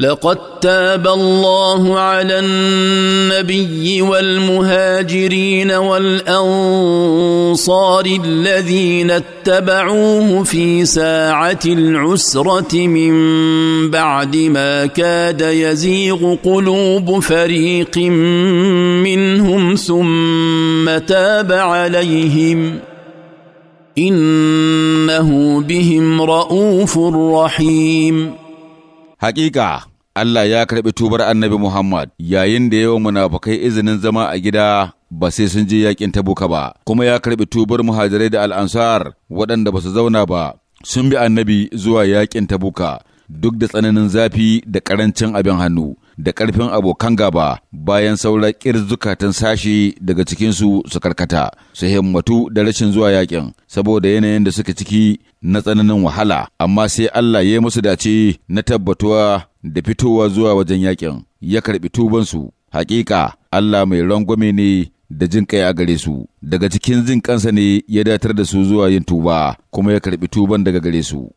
لقد تاب الله على النبي والمهاجرين والانصار الذين اتبعوه في ساعه العسره من بعد ما كاد يزيغ قلوب فريق منهم ثم تاب عليهم انه بهم رءوف رحيم Hakika, Allah ya karɓi tubar annabi Muhammad yayin da yawan munafukai izinin zama a gida ba sai sun je yakin tabuka ba, kuma ya karɓi tubar muhajirai da al'ansar waɗanda ba su zauna ba, sun bi annabi zuwa yakin tabuka duk da tsananin zafi da ƙarancin abin hannu. da ƙarfin abokan gaba bayan saura zukatan sashi daga cikinsu su karkata su himmatu da rashin zuwa yakin saboda yanayin da suka ciki na tsananin wahala amma sai Allah ya musu dace na tabbatuwa da fitowa zuwa wajen yakin ya karɓi tubansu hakika Allah mai rangwame ne da jin kai a gare su daga cikin jin kansa ne ya datar da su zuwa yin tuba kuma ya karɓi tuban daga gare su